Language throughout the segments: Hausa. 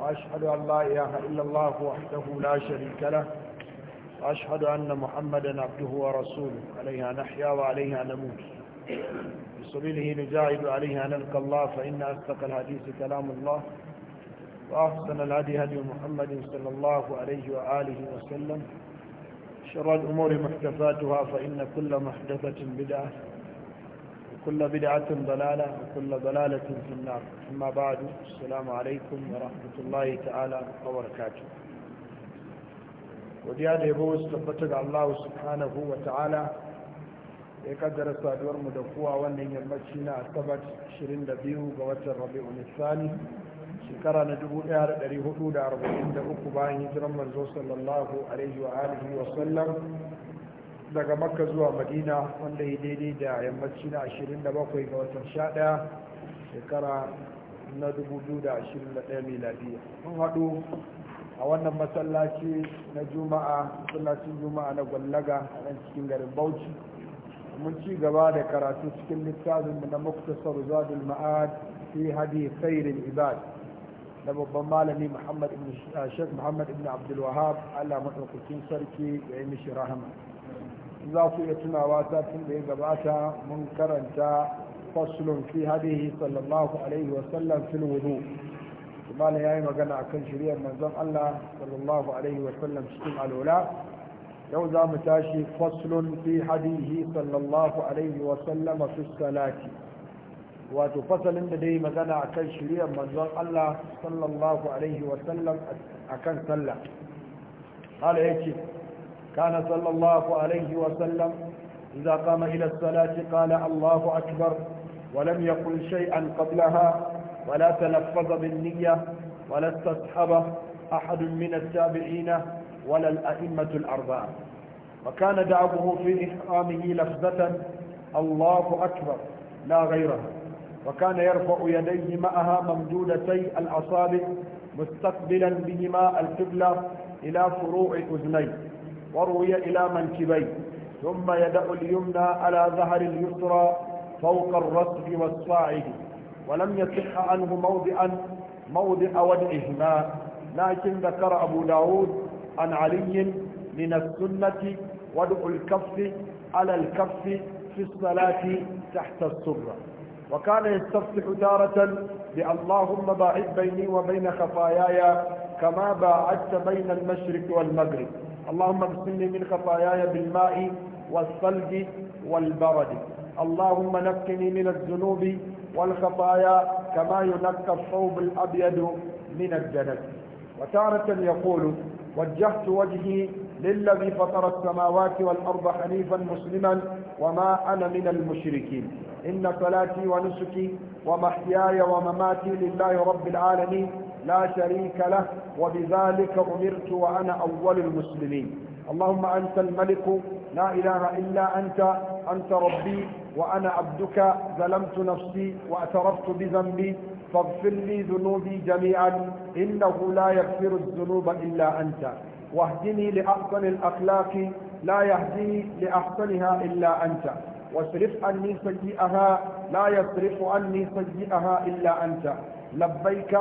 وأشهد أن لا إله إلا الله وحده لا شريك له وأشهد أن محمدا عبده ورسوله عليها نحيا وعليها نموت بسبيله نجاهد عليها نلقى الله فإن أصدق الحديث كلام الله وأحسن الهدي هدي محمد صلى الله عليه وآله وسلم شر الأمور محدثاتها فإن كل محدثة بدعة كل بدعة ضلالة وكل ضلالة في النار أما بعد السلام عليكم ورحمة الله تعالى وبركاته ودي هذا يبوز تبتد الله سبحانه وتعالى يقدر صادور مدفوع وأن يمشينا أصبت شرين دبيو بوات الربيع الثاني شكرا ندبو إعر دريه أولى أربعين دقوق باين هجرم صلى الله عليه وآله وسلم daga makka zuwa madina wanda ya daidai da yammaci na 27 ga watan 11 shekara na 2021 miladiya mun haɗu a wannan masallaci na juma'a masallacin juma'a na gwallaga a nan cikin garin bauchi mun ci gaba da karatu cikin littafin na muktasar zadul ma'ad fi hadi khairul ibad da babban malami muhammad ibn sheikh muhammad ibn Abdulwahab, wahab Allah madaukakin sarki ya yi mishi rahama za su iya tunawa satin da ya gabata mun karanta faslun fi hadihi sallallahu alaihi wa sallam fil wudu malam ya yi magana a kan shiriyar manzon Allah sallallahu alaihi wa sallam cikin alwala yau za mu tashi faslun fi hadihi sallallahu alaihi wa sallam fi salati wato fasalin da dai magana a kan shiriyar manzon Allah sallallahu alaihi wa sallam akan sallah قال يكي كان صلى الله عليه وسلم إذا قام إلى الصلاة قال الله أكبر ولم يقل شيئا قبلها ولا تلفظ بالنية ولا استصحب أحد من التابعين ولا الأئمة الأربعة وكان دعوه في إحرامه لفظة الله أكبر لا غيرها وكان يرفع يديه معها ممدودتي الأصابع مستقبلا بهما القبلة إلى فروع أذنيه وروي إلى منكبيه ثم يدع اليمنى على ظهر اليسرى فوق الرسل والصاعد ولم يصح عنه موضعا موضع ودعهما لكن ذكر أبو داود عن علي من السنة ودع الكف على الكف في الصلاة تحت السرة وكان يستفتح تارة بأللهم باعد بيني وبين خفاياي كما باعدت بين المشرق والمغرب اللهم اغسلني من خطاياي بالماء والثلج والبرد اللهم نقني من الذنوب والخطايا كما ينقى الثوب الأبيض من الدنس وتارة يقول وجهت وجهي للذي فطر السماوات والأرض حنيفا مسلما وما أنا من المشركين إن صلاتي ونسكي ومحياي ومماتي لله رب العالمين لا شريك له وبذلك أمرت وأنا أول المسلمين اللهم أنت الملك لا إله إلا أنت أنت ربي وأنا عبدك ظلمت نفسي واعترفت بذنبي فاغفر لي ذنوبي جميعا إنه لا يغفر الذنوب إلا أنت واهدني لأحسن الأخلاق لا يهدي لأحسنها إلا أنت واصرف عني سيئها لا يصرف عني سيئها إلا أنت لبيك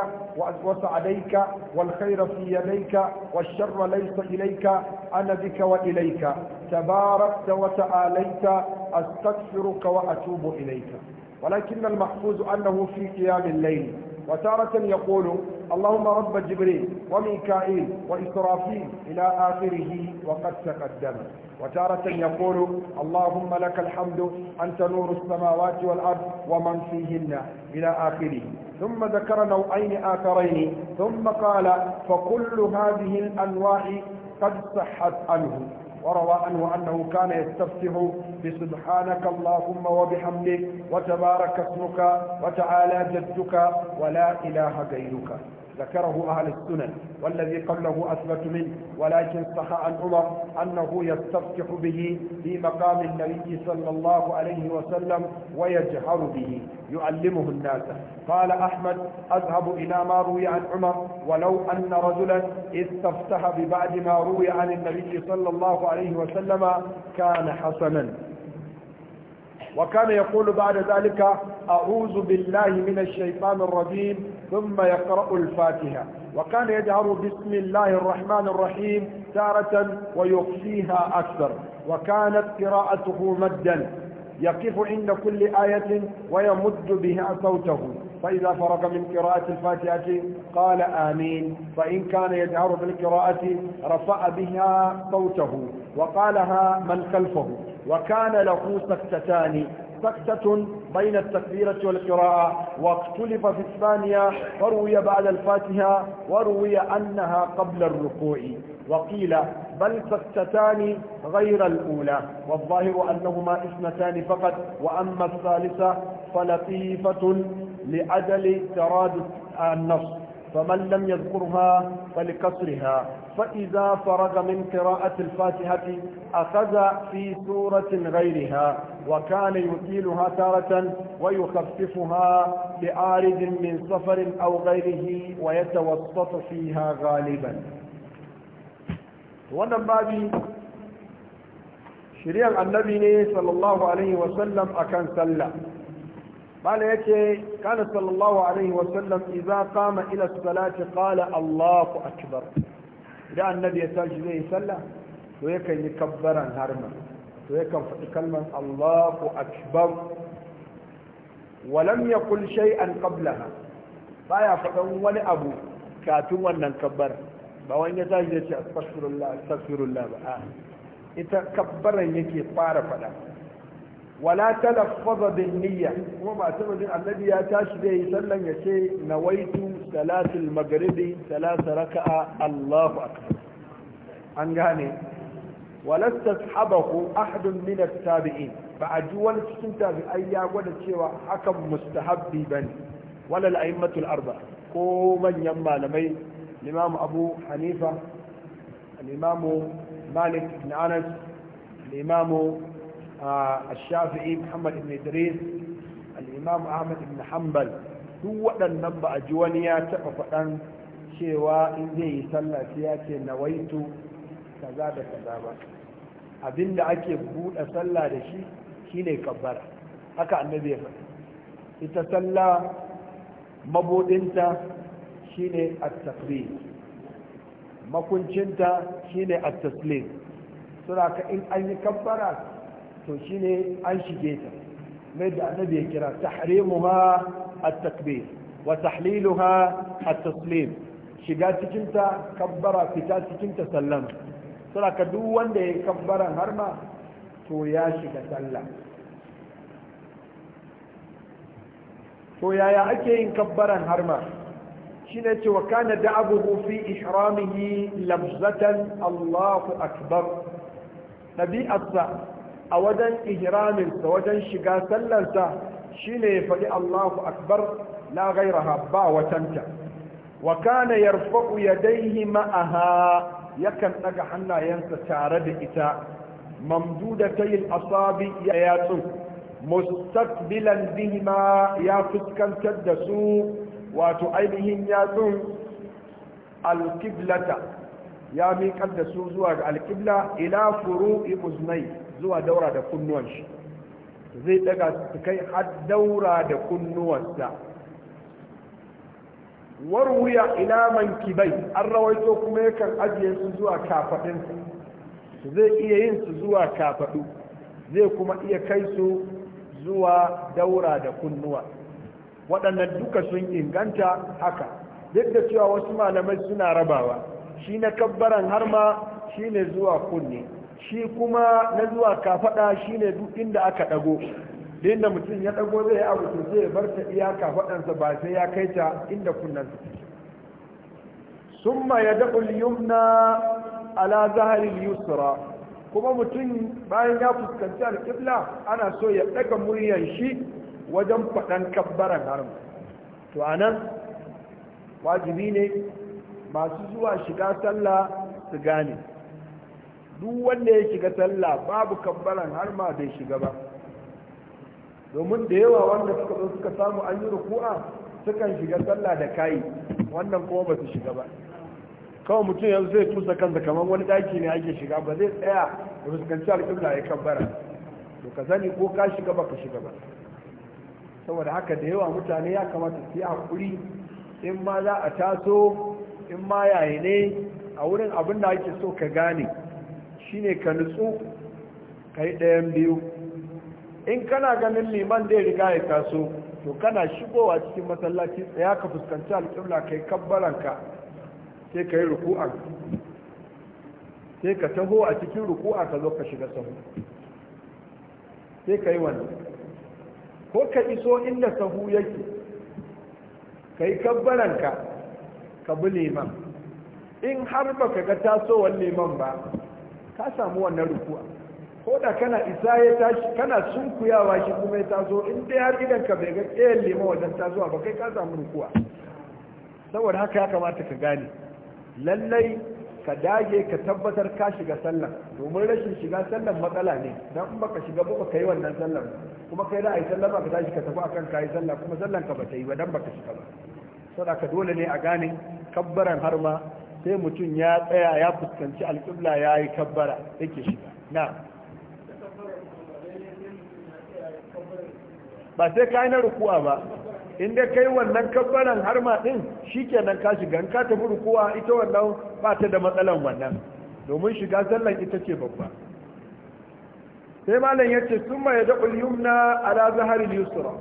وسعديك والخير في يديك والشر ليس إليك أنا بك وإليك تباركت وتعاليت أستغفرك وأتوب إليك ولكن المحفوظ أنه في قيام الليل وتارة يقول اللهم رب جبريل وميكائيل وإسرافيل إلى آخره وقد تقدم وتارة يقول اللهم لك الحمد أنت نور السماوات والأرض ومن فيهن إلى آخره ثم ذكر نوعين آخرين ثم قال فكل هذه الأنواع قد صحت عنه وروى عنه أنه كان يستفسر بسبحانك اللهم وبحمدك وتبارك اسمك وتعالى جدك ولا إله غيرك ذكره أهل السنن والذي قبله أثبت منه ولكن صح عن عمر أنه يستفتح به في مقام النبي صلى الله عليه وسلم ويجهر به يعلمه الناس قال أحمد أذهب إلى ما روي عن عمر ولو أن رجلا استفتح ببعد ما روي عن النبي صلى الله عليه وسلم كان حسنا وكان يقول بعد ذلك أعوذ بالله من الشيطان الرجيم ثم يقرأ الفاتحة وكان يجهر بسم الله الرحمن الرحيم تارة ويخفيها أكثر وكانت قراءته مدا يقف عند كل آية ويمد بها صوته فإذا فرغ من قراءة الفاتحة قال آمين فإن كان يجهر بالقراءة رفع بها صوته وقالها من خلفه وكان له سكتتان سكتة بين التكبيرة والقراءة واختلف في الثانية فروي بعد الفاتحة وروي أنها قبل الركوع وقيل بل سكتتان غير الأولى والظاهر أنهما اثنتان فقط وأما الثالثة فلطيفة لعدل تراد النص فمن لم يذكرها فلكسرها فإذا فرغ من قراءة الفاتحة أخذ في سورة غيرها وكان يطيلها تارة ويخففها بعارض من سفر أو غيره ويتوسط فيها غالبا wannan شريع النبي صلى الله عليه وسلم أكن سلم bala ya ce kana sallallahu alaihi wasallam iza kama ila salati qala allahu akbar idan annabi ya tashi zai yi sallah to yakan yi kabbaran harma to yakan faɗi kalmar allahu akbar walam yakul shay'an qablaha baya faɗan wani abu kafin wannan kabbar ba wani ya ce ita kabbaran yake fara faɗa wala talaffaza bin niyya kuma ba taba jin annabi ya tashi sallan ya ce nawaitu salatul maghribi salasa raka'a Allahu akbar an gane wala tashabahu ahadun min at-tabi'in ba a ji wani cikin tabi'ai ya gwada cewa hakan mustahabbi bane wala al-a'immatul arba ko manyan malamai al-imam Abu Hanifa al-imam Malik ibn Anas al-imam الشافعي محمد بن إدريس الإمام أحمد بن حنبل duk waɗannan ba a wani ya taɓa faɗan cewa in zai yi sallah ya ce da ba abinda ake buɗe sallah da shi shine kabbara haka annabi ya faɗi ita sallah mabudinta shine at-takbir makuncinta shine at-taslim sura ka in an yi kabbara to shine an shige ta mai da annabi ya kira tahrimuha at-takbir wa tahliluha at-taslim shiga cikin ta kabbara fita cikin ta sallama ka duk wanda ya kabbaran har ma to ya shiga sallah to yaya ake yin kabbaran harma shi ne ce wa kana da'abuhu fi ihramihi lamzatan Allahu akbar nabi asa a wajen ihraminsa wajen shiga sallarsa shine ya faɗi Allahu akbar la ghairaha ba watanta wa kana yarfa'u yadayhi ma'aha yakan daga hannayensa tare da ita mamdudatayil asabi ya yatsu mustaqbilan bihima ya fuskantar da su wato ainihin yatsun alqiblata ya miƙar da su zuwa ga alqibla ila furu'i uznai zuwa daura da kunnuwan shi zai daga su kai har daura da kunnuwansa warwuya ila kibai an rawaito kuma yakan ajiye su zuwa Su zai iya yin su zuwa kafadu zai kuma iya kai su zuwa daura da kunnuwa waɗannan duka sun inganta haka duk da cewa wasu malamai suna rabawa shi na kabbaran har ma shi ne zuwa kunne shi kuma na zuwa kafaɗa shine duk inda aka ɗago inda mutum ya ɗago zai abu to zai bar ta iya kafaɗansa ba sai ya kai ta inda kunnansa summa ya daɓul liyumna ala zahari kuma mutum bayan ya fuskanci alƙibla ana so ya ɗaga muryan shi wajen faɗan kabbaran harin to a nan wajibi ne masu zuwa shiga sallah su gane duk wanda ya shiga sallah babu kambaran har ma bai shiga ba domin da yawa wanda suka zo suka samu an yi ruku'a sukan shiga sallah da kayi wannan kuma ba su shiga ba kawai mutum yanzu zai tusa kansa kamar wani daki ne ake shiga ba zai tsaya da fuskanci alƙibla ya kabbara to ka sani ko ka shiga ba ka shiga ba saboda haka da yawa mutane ya kamata su yi hakuri in ma za a taso in ma yaye ne a wurin abin da ake so ka gane shine ka nutsu ka yi ɗayan biyu in kana ganin liman zai riga ya taso to kana shigowa cikin masallaci tsaya ka fuskanci alƙibla ka yi kabbaranka sai ka yi ruku'an sai ka taho a cikin ruku'a ka zo ka shiga sahu sai ka yi wani. ko ka iso inda sahu yake ka yi kabbaranka ka bi liman in har ba ka ga tasowar liman ba ka samu wannan rukuwa ko da kana isa ya tashi kana sunkuyawa shi kuma ya taso in dai har idan ka bai ga tsayen lema wajen tasowa ba kai ka samu rukuwa saboda haka ya kamata ka gane lallai ka dage ka tabbatar ka shiga sallan domin rashin shiga sallan matsala ne don in baka shiga ba ka yi wannan sallan kuma kai da yi sallan ba ka tashi ka tafi akan ka yi sallan kuma sallan ka ba ta yi ba don ba ka shiga ba saboda dole ne a gane kabbaran harma sai mutum ya tsaya ya fuskanci alƙibla ya yi kabbara yake shiga na ba sai ka yi na rukuwa ba inda ka yi wannan kabbaran har ma ɗin shi kenan ka shiga ka tafi rukuwa ita wannan ba ta da matsalan wannan domin shiga sallan ita ce babba sai malam ya ce sun ma ya daɓul yumna ala zaharil yusra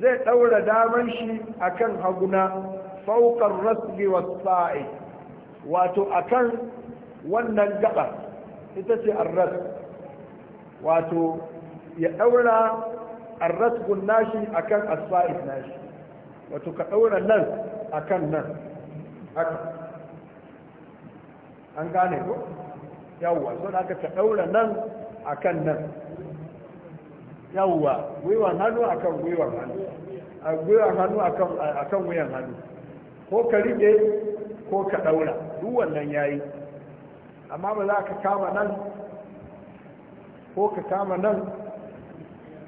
zai ɗaura daman shi akan haguna faukar rasgewa wa wato akan wannan gaba ita ce arras wato ya daura arras nashi akan asfa'id nashi wato ka daura nan akan nan haka an gane ko yawwa so da ka daura nan akan nan yawwa gwiwan hannu akan gwiwan hannu a gwiwan hannu akan wuyan hannu ko ka rike ko ka daura duk wannan yayi amma ba za ka kama nan ko ka kama nan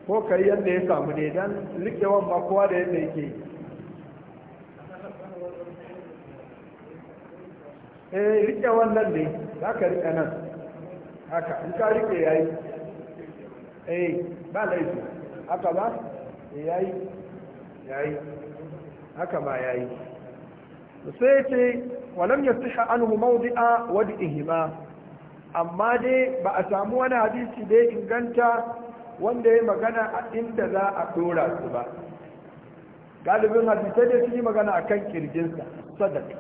ko ka yi yadda ya samu ne don rikewan ba kowa da yadda yake eh rikewan nan ne za ka rike nan haka in ka rike yi eh ba laifi haka ba eh, ya yi haka ba ya yi sai ce walam ya siha anhu mawdi'a wad'ihima amma dai ba a samu wani hadisi da ya inganta wanda ya magana a inda za a dora ba galibin hadisai da su yi magana a kan kirjinsa sadaka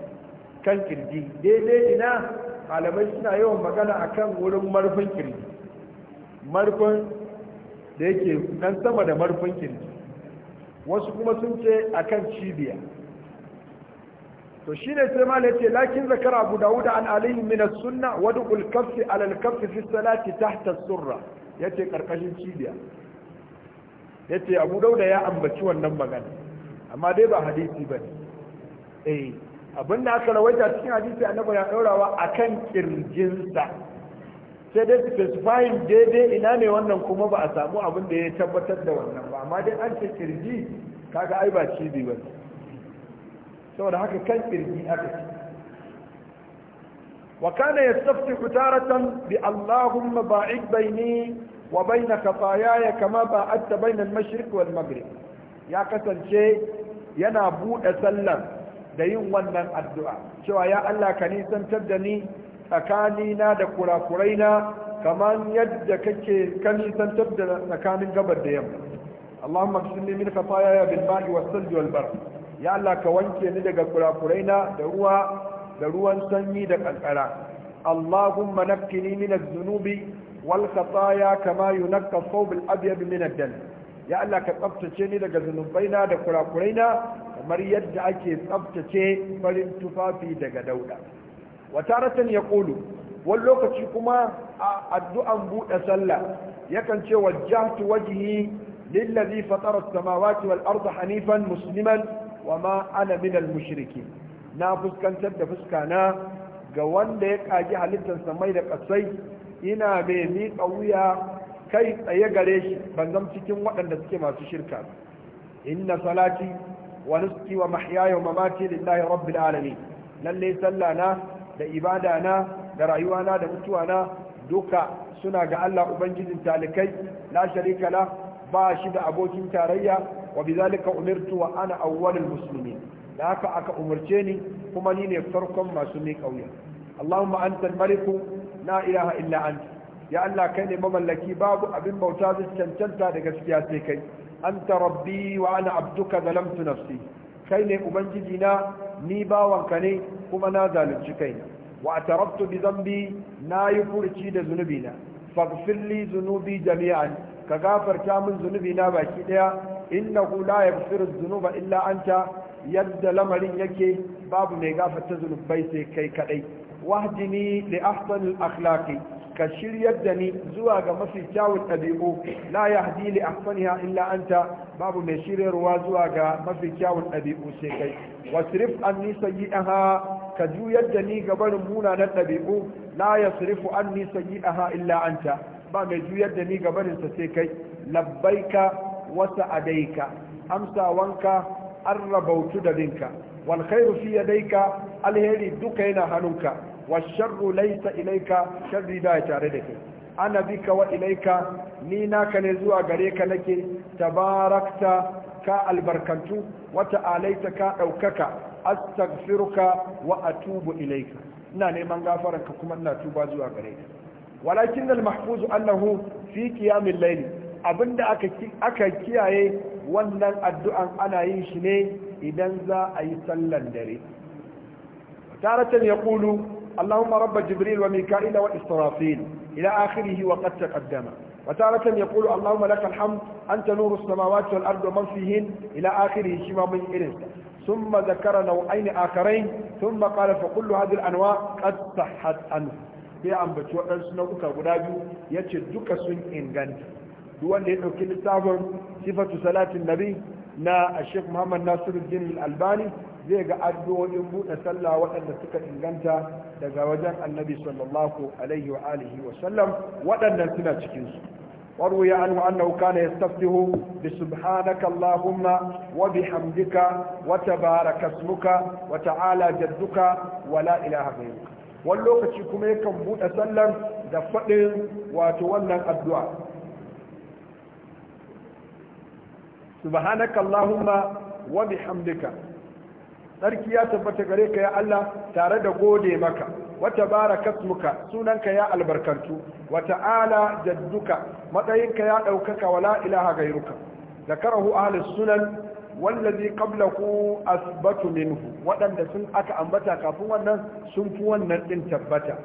kan kirji daidai ina malamai suna yawan magana a kan wurin marfin kirji marfin da yake nan sama da marfin kirji wasu kuma sun ce a kan cibiya to shine sai mala yace lakin zakara abu dawud an alayhi min as-sunna wa dukul kaff ala al-kaff fi as-salati tahta as-surra yace karkashin cibiya yace abu dawud ya ambaci wannan magana amma dai ba hadisi bane eh abinda aka rawaita cikin hadisi annabi ya daurawa akan sa sai dai specifying daidai ina ne wannan kuma ba a samu abin da ya tabbatar da wannan ba amma dai an ce kirji kaga ai ba cibi bane saboda haka kan kirji aka ce wa kana yastaftihu taratan bi allahumma ba'id baini wa baina khataayaaya kama ba'adta baina al-mashriq wal maghrib ya kasance yana buɗe sallar da yin wannan addu'a cewa ya Allah ka nisantar da ni tsakanina da na kamar yadda kake ka nisantar da tsakanin gabar da yamma اللهم اغسلني bin خطاياي wasan والثلج bar. ya Allah ka wanke ni daga kurakuraina da ruwa da ruwan sanyi da kankara Allahumma nakkini min adh-dhunubi wal khataaya kama yunqqa ath-thawb al-abyad min ad-dam ya Allah ka tsaftace ni daga zunubaina da kurakuraina kamar yadda ake tsaftace farin tufafi daga dauda wataratan ya yaqulu wani lokaci kuma a addu'an buɗe sallah yakan ce wajjahtu wajhi lillazi fatara samawati wal arda hanifan musliman wa ma ana minal mushriki na fuskantar da fuska na ga wanda ya kaji halittar samai da kasai ina mai miƙa wuya kai tsaye gare shi ban zam cikin waɗanda suke masu shirka inna salati wa nuski wa mahyaya wa mamati lillahi rabbil alamin lalle sallana da ibada na da rayuwana da mutuwa na duka suna ga Allah ubangijin talikai la sharika la ba shi da abokin tarayya wa bizalika umirtu wa ana awwalul muslimin da haka aka umarce ni kuma ni ne farkon masu ne kauya Allahumma anta al-malik la ilaha illa anta ya Allah kai ne mamallaki babu abin bauta zai cancanta da gaskiya sai kai anta rabbi wa'ana ana abduka zalamtu kai ne ubangiji na ni bawanka ne kuma na zalunci kaina wa atarabtu bi zambi na yi furci da zunubi na faghfir li zunubi jami'an ka gafarta min zunubi na baki ɗaya. innahu la yaghfiru dhunuba illa anta yadda lamarin yake babu mai gafarta zunubai sai kai kadai wahdini li ahsani al-akhlaqi ka shiryar da ni zuwa ga mafi kyawun ɗabi'u la yahdi li ahsaniha illa anta babu mai shiryarwa zuwa ga mafi kyawun ɗabi'u sai kai wasrif anni sayyi'aha ka juyar da ni ga barin munanan ɗabi'u la yasrifu anni sayyi'aha illa anta ba mai juyar da ni ga barin sa sai kai labbaika wasa adaika amsawanka an rabautu da binka wal khairu fi yadaika alheri duka yana hannunka washarru laysa ilaika sharri da tare da kai ana bika wa ilaika ni naka ne zuwa gare ka nake tabarakta ka albarkantu wata alaita ka ɗaukaka astaghfiruka wa atubu ilaika ina neman gafaranka kuma ina tuba zuwa gare ka walakin al mahfuz annahu fi qiyamil layli abinda aka kiyaye wannan addu'an ana yin shi ne idan za a yi sallan dare taratan ya kulu allahumma rabba jibril wa mika'ila wa israfil ila akhirihi wa qad taqaddama wa taratan ya kulu allahumma laka alhamd anta nuru samawati wal ardi wa man fihin ila akhirihi shi ma mun irin ثم ذكر نوعين اخرين fa قال فكل هذه الانواع قد صحت عنه sai ambaci waɗansu nau'uka guda biyu ya ce duka sun inganta wanda ya ɗauki littafin sifatu salatin nabi na a ashek muhammad nasiru jini albani zai ga addu'o'in buɗe sallah waɗanda suka inganta daga wajen annabi sallallahu alaihi wa wa sallam waɗannan suna cikin su waruwa ya annu annahu kana yastafihu bi subhanaka allahumma wa bihamdika wa tabaraka ismuka wa ta'ala jadduka wa la ilaha wani lokaci kuma yakan buɗe sallar da faɗin wato wannan addu'a subhanaka allahumma wa bihamdika sarki ya tabbata gare ka ya Allah tare da gode maka wa tabarakasmuka sunanka ya albarkantu wa ta'ala jadduka matsayinka ya daukaka wala ilaha gairuka zakarahu ahli sunan wallazi qablahu asbatu minhu wadanda sun aka ambata kafin wannan sun fi wannan din tabbata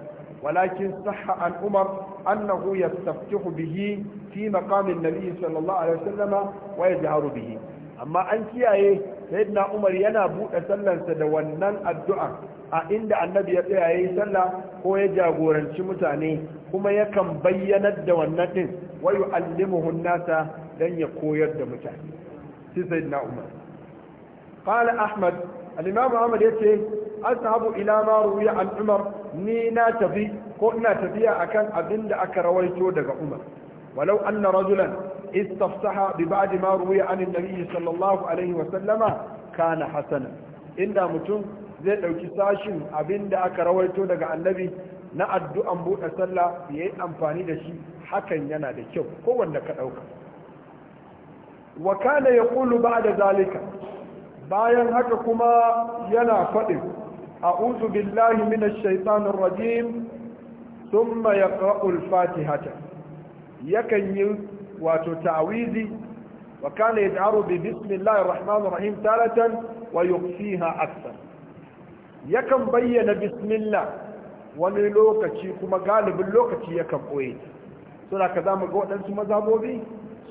ولكن صح عن عمر أنه يستفتح به في مقام النبي صلى الله عليه وسلم ويجهر به أما أنت يا إيه سيدنا عمر ينابو أسلا سدوانا الدعاء عند النبي يا إيه سلا هو يجاورا شمتاني كما يكن بينا الدوانا ويعلمه الناس لن يقوي الدمتاني سيدنا عمر قال أحمد الإمام أحمد يتيه azhabu ila ma ruwiya an ni na tafi ko ina tafiya akan abin da aka rawaito daga umar walau anna rajulan istafsaha bi ma ruwiya an annabi sallallahu alaihi wa sallama kana Hassana? inda mutum zai ɗauki sashin abin da aka rawaito daga annabi na addu'an buɗe sallah yayi amfani da shi hakan yana da kyau ko wanda ka dauka wa kana yaqulu ba'da zalika bayan haka kuma yana faɗin أعوذ بالله من الشيطان الرجيم ثم يقرأ الفاتحة يكن وتتعويذ وكان يدعر ببسم الله الرحمن الرحيم ثالثا ويقفيها أكثر يكن بين بسم الله wani lokaci kuma galibin lokaci yakan ɓoye suna ka za mu ga waɗansu mazabobi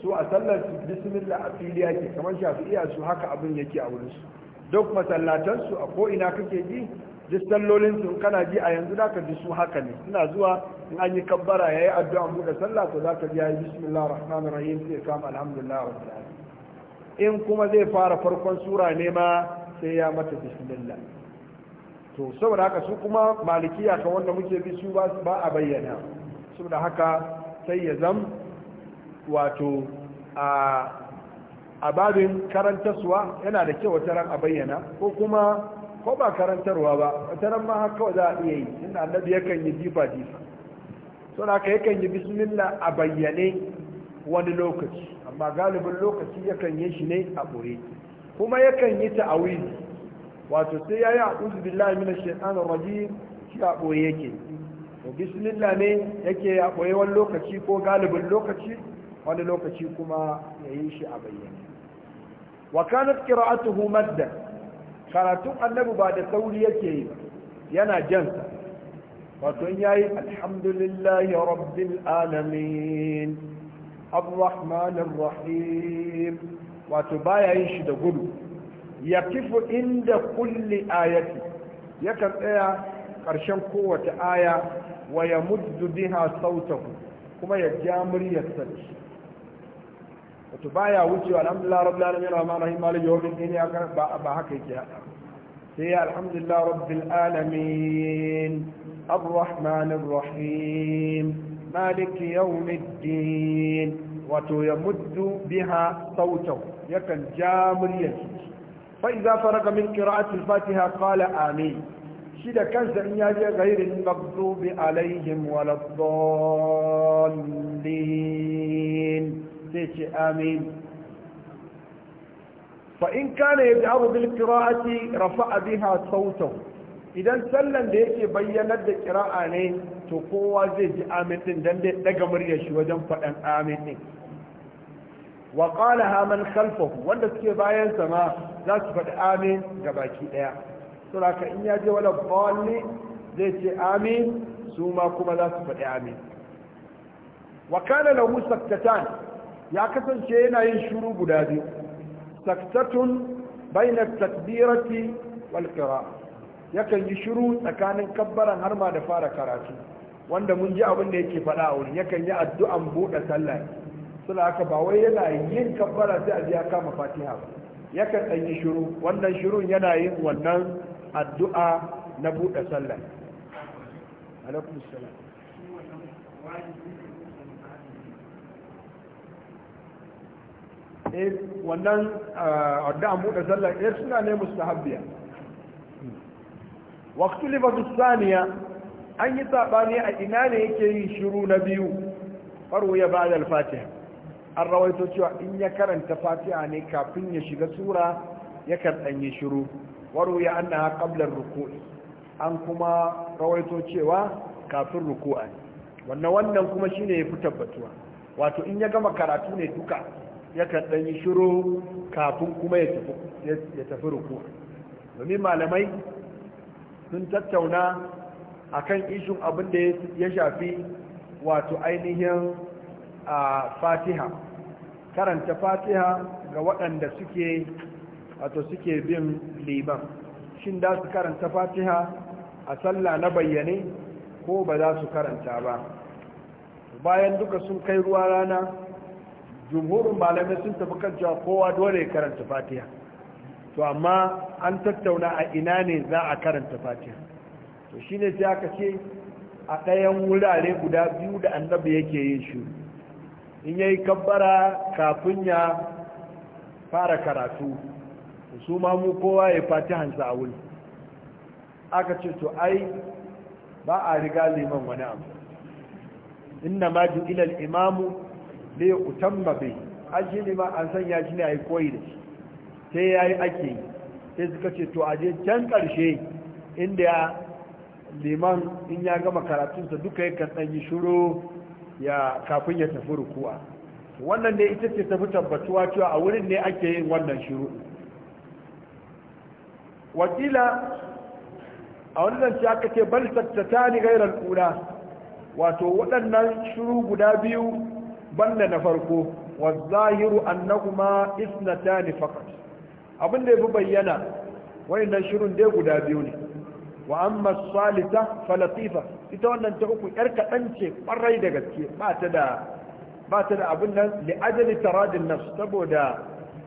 su a sallar bismillah a fili yake kamar shafi'iya su haka abin yake a wurinsu duk masallatansu a ko'ina kake ji duk sallolinsu kana ji a yanzu da ji su haka ne suna zuwa in an yi kabbara ya yi addu'an buɗe sallah to za ka ji ya yi bismillah rahim sai alhamdulillah wa in kuma zai fara farkon sura ne ma sai ya mata bismillah to saboda haka su kuma malikiya ka wanda muke bi su ba a bayyana saboda haka sai ya zam wato a a babin karantarsuwa yana da kyau wata ran a bayyana ko kuma ko ba karantarwa ba wata ran ma har kawai za a iya yi inda annabi yakan yi jifa jifa so da yakan yi bismillah a bayyane wani lokaci amma galibin lokaci yakan yi shi ne a ɓoye kuma yakan yi ta'awili wato sai ya yi a uzu billahi mina shaitan shi a ɓoye yake to bismillah ne yake a ɓoye wani lokaci ko galibin lokaci wani lokaci kuma ya yi shi a bayyane wa kanat qira'atuhu madda karatun annabi ba da sauri yake yi yana jan wato in yayi alhamdulillahi rabbil alamin arrahmanir rahim wato baya yin shi da gudu ya yakifu inda kulli ayati yakan tsaya ƙarshen kowace aya wa ya muddu biha sautahu kuma ya ja muryarsa wato baya wucewa alhamdulillah rabbil alamin rahman rahim malik yawmin din ya ba ba haka yake hada sai alhamdulillah rabbil alamin الرحمن الرحيم مالك يوم الدين وتيمد بها صوته يكن جامر يسج فإذا فرق من قراءة الفاتحة قال آمين شد كنز إن يجي غير المغضوب عليهم ولا الضالين sai ce amin fa in kana yaj'aru bil qira'ati rafa'a biha sautahu idan sallan da yake bayyanar da kira'a ne to kowa zai ji amin din da daga muryar shi wajen faɗan amin din wa qalaha haman khalfahu wanda suke bayan sama za su faɗi amin ga baki ɗaya, to haka in ya je wani balli zai ce amin su ma kuma za su faɗi amin wa kana lahu saktatan ya kasance yana yin shuru guda biyu saktatun baina takbirati wal qira yakan yi shuru tsakanin kabbaran har ma da fara karatu wanda mun ji abin da yake faɗa a ya yakan yi addu'an buɗe sallah suna haka ba wai yana yin kabbara sai a biya kama fatiha ba yakan ɗan yi shuru wannan shirun yana yin wannan addu'a na buɗe sallah alaikum E wannan eh, addu'an buɗe sallar ɗaya suna ne habbiya. waqtu liba saniya an yi ne a ina ne yake yin shiru na biyu faru ya ba'da da fatiha an rawaito cewa in ya karanta fatiha ne kafin ya shiga tura ya karɗan yi shiru waru ya an na ar-ruku'i an kuma rawaito cewa kafin ruku'a wannan wannan kuma shine fi tabbatuwa wato in ya gama karatu ne duka yakan ɗan yi shiru kafin kuma ya tafi ruku domin malamai sun tattauna a kan ishin abin da ya shafi wato ainihin a fatiha karanta fatiha ga waɗanda suke wato suke bin liban shin da su karanta fatiha a sallah na bayyane ko ba za su karanta ba bayan duka sun kai ruwa rana jumhurin malamai sun tafi kan cewa kowa dole ya karanta fatiha to amma an tattauna a ina ne za a karanta fatiha to shine sai aka ce a ɗayan wurare guda biyu da annabi yake yin shi in ya yi kabbara kafin ya fara karatu su ma mu kowa ya fatihansa a wuri aka ce to ai ba a riga liman wani abu inna ma ji ilal imamu da ya utamma bai ne ma an sanya shi ne a yi koyi da shi sai ya yi ake yi sai suka ce to aje can ƙarshe inda ya liman in ya gama karatunsa duka ya kan ɗanyi shuru ya kafin ya tafi rukuwa wannan ne ita ce tafi tabbatuwa cewa a wurin ne ake yin wannan shuru wakila a wani zance aka ce bal tattata ni gairar ƙura wato waɗannan shuru guda biyu banda na farko wa zahiru annahuma isnatani faqat abin da yafi bayyana wannan shirin dai guda biyu ne wa amma salisa falatifa ita wannan ta uku yar kadan ce kwarai da gaske ba ta da ba ta da abin nan li ajali taradin nafs saboda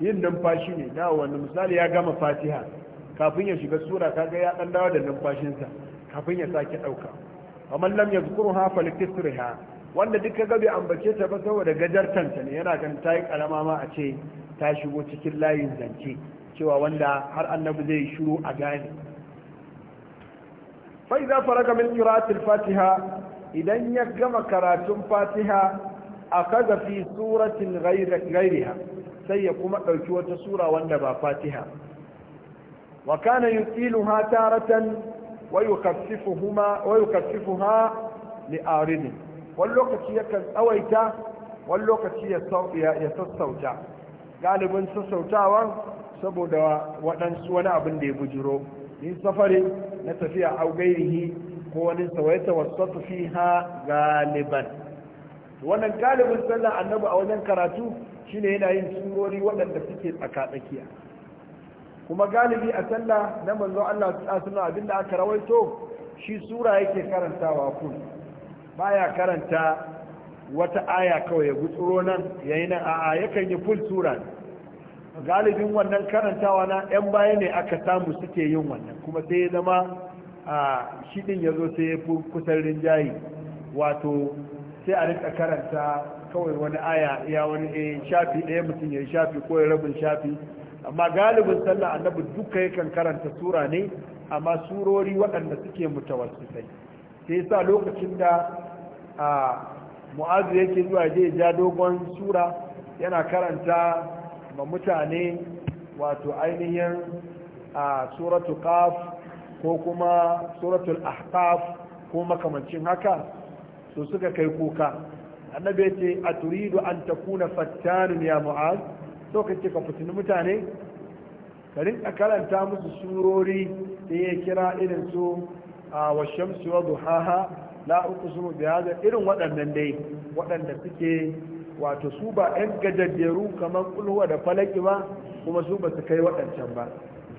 yin numfashi ne na wani misali ya gama fatiha kafin ya shiga sura kaga ya dan dawo da numfashinsa kafin ya sake dauka amma lam yazkurha falikisriha wanda duk kaga bai ambace ta ba saboda gajartanta ne yana kan ta yi karama ma a ce ta shigo cikin layin zance cewa wanda har annabi zai shiru a gane fai za faraga min qira'ati fatiha idan ya gama karatun fatiha kaza fi suratin ghayriha sai ya kuma ɗauki wata sura wanda ba fatiha wa kana ha taratan wa yukaffifuhuma wa yukaffifuha li aridin wani lokaci yakan tsawaita wani lokaci ya sassauta galibin sassautawar saboda waɗansu wani abin da ya bujiro yin safari na tafiya au gairihi ko wani tsawaita wasu fi ha galiban wannan galibin sallar annabu a wajen karatu shine yana yin surori waɗanda suke tsakatsakiya kuma galibi a sallah na manzo Allah ta abin da aka rawaito shi sura yake karantawa kun baya karanta wata aya kawai ya gutsuro nan yayi nan a'a yakan yi full sura galibin wannan karantawa na 'yan baya ne aka samu suke yin wannan kuma sai ya zama a shidin ya zo sai ya fi kusan rinjaye wato sai a rika karanta kawai wani aya ya wani eh, shafi ɗaya mutum ya shafi ko ya rabin shafi amma galibin sallah annabi duka yakan karanta sura ne amma surori waɗanda suke mutawasisai sai sa lokacin da a mu'azu yake zuwa je ja dogon sura yana karanta ma mutane wato ainihin a suratu qaf ko kuma suratul ahqaf ko makamancin haka so suka kai kuka annabi yace a turidu an takuna fattanun ya mu'az so kace ka fitini mutane ka rinka karanta musu surori sai ya kira irin su a washamsu wa duhaha la uqsimu bi hada irin waɗannan dai waɗanda suke wato su ba yan gajajjeru kamar kulwa da falaki ba kuma su ba su kai waɗancan ba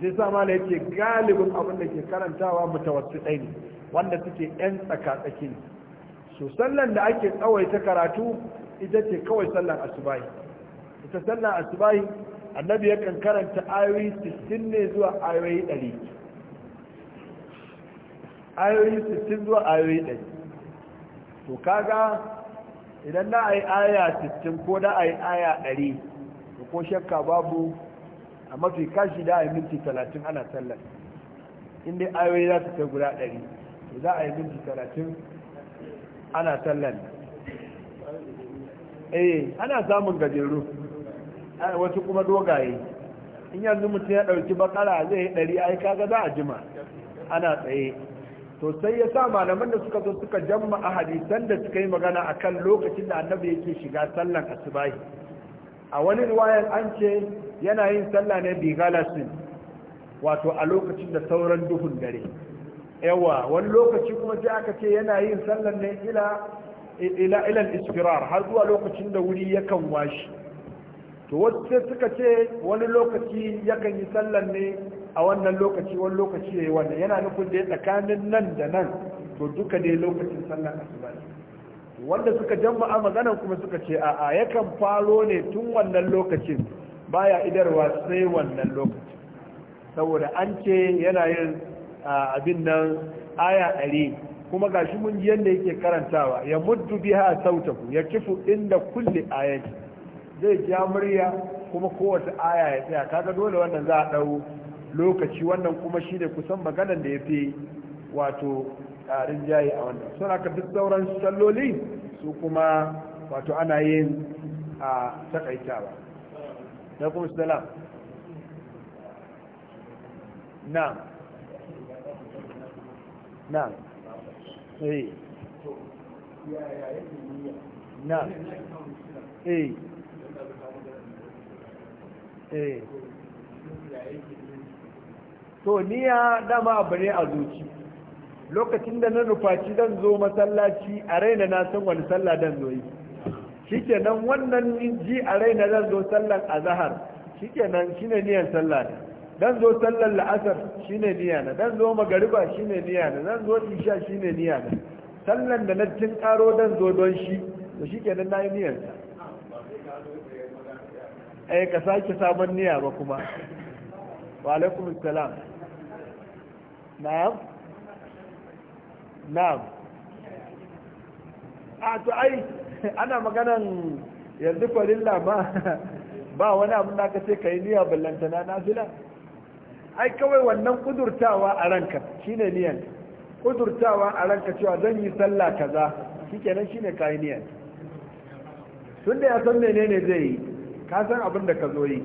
sai sa mala yake galibin abin da ke karantawa mutawassidai ne wanda suke yan tsaka tsaki ne so sallan da ake tsawaita karatu ita ce kawai sallan asubahi ita sallan asubahi annabi yakan karanta ayoyi 60 ne zuwa ayoyi 100 ayoyi 60 zuwa ayoyi 100 to kaga idan na a yi aya 60 ko na a yi aya 100 to ko shakka babu a mafi kashi da a yi minti 30 ana sallar inda ayoyi za su kai guda 100 to za a yi minti 30 ana sallar eh ana samun gajeru wasu kuma dogaye in yanzu mutum ya ɗauki bakara zai yi ɗari ai kaga za a jima ana tsaye to sai ya sa malaman da suka zo suka jamma a hadisan da suka yi magana a kan lokacin da annabi yake shiga sallan asubahi a wani riwayar an ce yana yin sallah ne bi galasin wato a lokacin da sauran duhun dare yawa wani lokaci kuma sai aka ce yana yin sallan ne ila ila ila isfirar har zuwa lokacin da wuri yakan washi to wasu suka ce wani lokaci yakan yi sallan ne a wannan lokaci wani lokaci ya yi wannan yana nufin da ya tsakanin nan da nan to duka dai lokacin sallar asuba wanda suka jama'a maganar kuma suka ce a yakan faro ne tun wannan lokacin baya idarwa sai wannan lokacin saboda an ce yana yin abin nan aya ɗari kuma gashi mun ji yadda yake karantawa ya muddu biha sautaku ya kifu inda kulle ayati zai ja murya kuma kowace aya ya tsaya kaga dole wannan za a ɗau lokaci wannan kuma shi ne kusan maganan da ya fi wato rinjaye a wannan suna ka duk sauran salloli su kuma wato ana yin a takaitawa na kuma salam na na eh na eh, eh. to niya dama abu ne a zuci lokacin da na nufaci zan zo masallaci a raina na san wani sallah dan zo yi shikenan wannan ji a raina zan zo sallan azhar shikenan shine niyyar sallah ne dan zo sallan la'asar shine niyya na dan zo magariba shine niyya na dan zo isha shine niyya na sallan da na cin karo dan zo don shi to shikenan nayi niyyar sa eh ka sake sabon niyya ba kuma wa alaikum salam. na'am a to ai maganan yanzu farilla ma ba wani abin da aka ce ka yi niyya ballantana na fila ai kawai wannan kudurtawa a ranka shine niyan kudurtawa a ranka cewa zan yi sallah kaza shikenan shine ka yi niyan ya san menene zai yi ka san abin da ka zo yi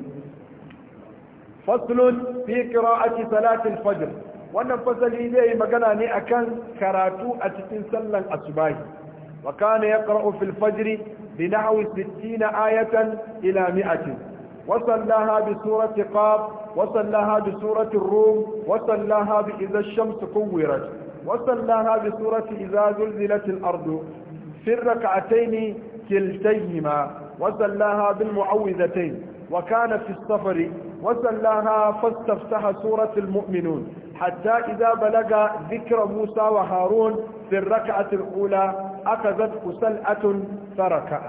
faslun fi qira'ati salatil fajr wannan fasali zai yi magana ne akan karatu a cikin sallan asubahi wa kana yaqra'u fil fajr bi nahwi 60 ayatan ila 100 wa sallaha bi surati qaf wa sallaha bi surati rum wa sallaha bi idha ash shams kuwirat wa sallaha bi surati idha zulzilat al-ardu fi rak'atayn kiltayhima wa كلتيهما وسلاها بالمعوذتين وكان في السفر وسلاها فاستفتح سورة المؤمنون حتى إذا بلغ ذكر موسى وهارون في الركعة الأولى أخذت قسلعة فركع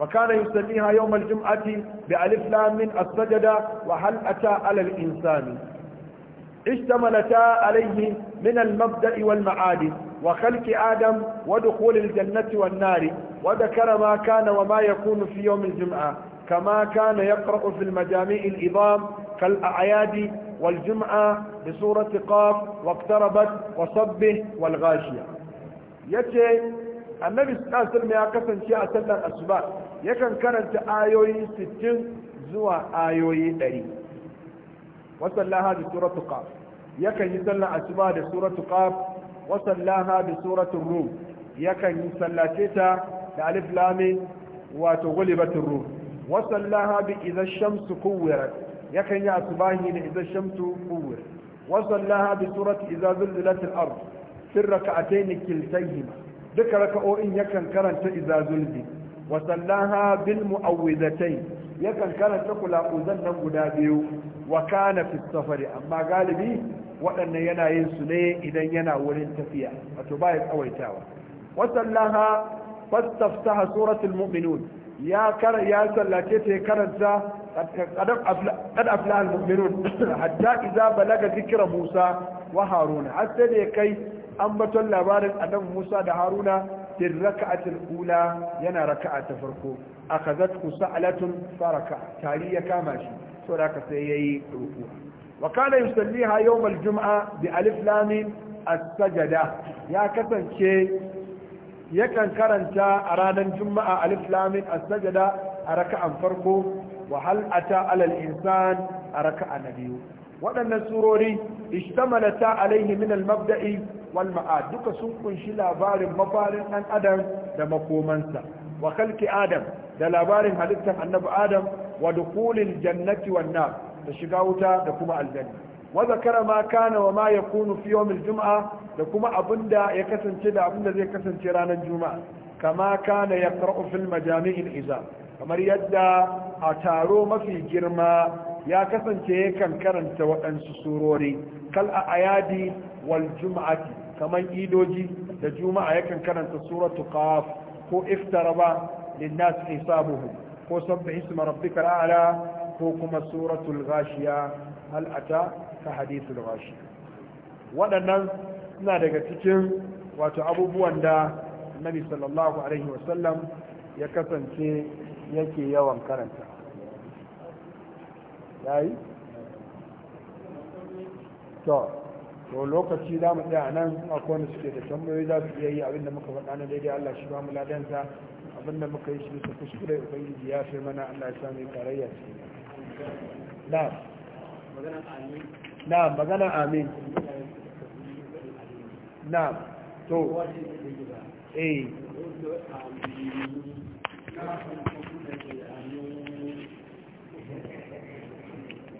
وكان يسميها يوم الجمعة بألف لام من السجدة وهل أتى على الإنسان اشتملتا عليه من المبدأ والمعاد وخلق آدم ودخول الجنة والنار وذكر ما كان وما يكون في يوم الجمعة كما كان يقرأ في المجامع الإضام كالأعياد والجمعة بسورة قاف واقتربت وصبه والغاشية يتي النبي صلى الله عليه وسلم يقفن شيء أسلم أسباب يكن كانت آيوي ستين زوى آيوي دري وصلاها بسورة قاف يكن يصلى أسباب بسورة قاف وصلاها بسورة الروم يكن يصلى تيتا لألف لام وتغلبت الروم وصلاها بإذا الشمس كورت yakan yi asubahi da idan shamsu wasan laha bi surati idza zulzilat al-ard fi rak'atayn kiltayhima duka raka'o'in yakan karanta idza zulzi wasallaha bil mu'awwidatayn yakan karanta kulaquzan nan guda biyu wa kana fi safari amma galibi waɗannan yana yin su ne idan yana wurin tafiya wato baya tsawaitawa wasallaha fastaftaha suratul mu'minun ya kar ya sallace ta karanta قد أفلح المؤمنون حتى إذا بلغ ذكر موسى وهارون حتى لكي أنبت اللبار أن موسى وهارون في الركعة الأولى ينا ركعة فرقو أخذته سعلة فركع تالية كاماشي سوراك سيئي ركوع وكان يسليها يوم الجمعة بألف لام السجدة يا كسن شيء يكن كرنتا أرانا الجمعة ألف لام السجدة a raka'an farko wa hal ata alal insan a raka'a na biyu waɗannan surori ishtamalata alaihi min al-mabda'i wal ma'ad duka sun ƙunshi labarin mafarin ɗan adam da makomansa Wakalki adam da labarin halittar annabi adam wa dukulil jannati wan nar da shiga wuta da kuma aljanna wa zakara ma kana wa ma yakunu fi yawmil jum'a da kuma abinda ya kasance da abinda zai kasance ranar juma'a kama kana yaqra'u fil majami'in izam kamar yadda a taro mafi girma ya kasance yakan karanta waɗansu surori kal a ayadi wal kamar idoji da juma'a yakan karanta suratu qaf ko iftaraba linnas hisabuhum ko sabbi isma rabbika ala ko kuma suratul ghashiya hal ata ka hadithul ghashiya waɗannan suna daga cikin wato abubuwan da nabi sallallahu alaihi wasallam ya kasance yake yawan karanta ya yi to to lokaci za mu tsaya nan akwai kone suke da tambayoyi za su iya yi abinda muka faɗa na daidai Allah shi ba mu ladansa abinda muka yi shi su kuskure ubangiji ya fi mana Allah ya sami karayya ce na na magana amin na to eh Thank you.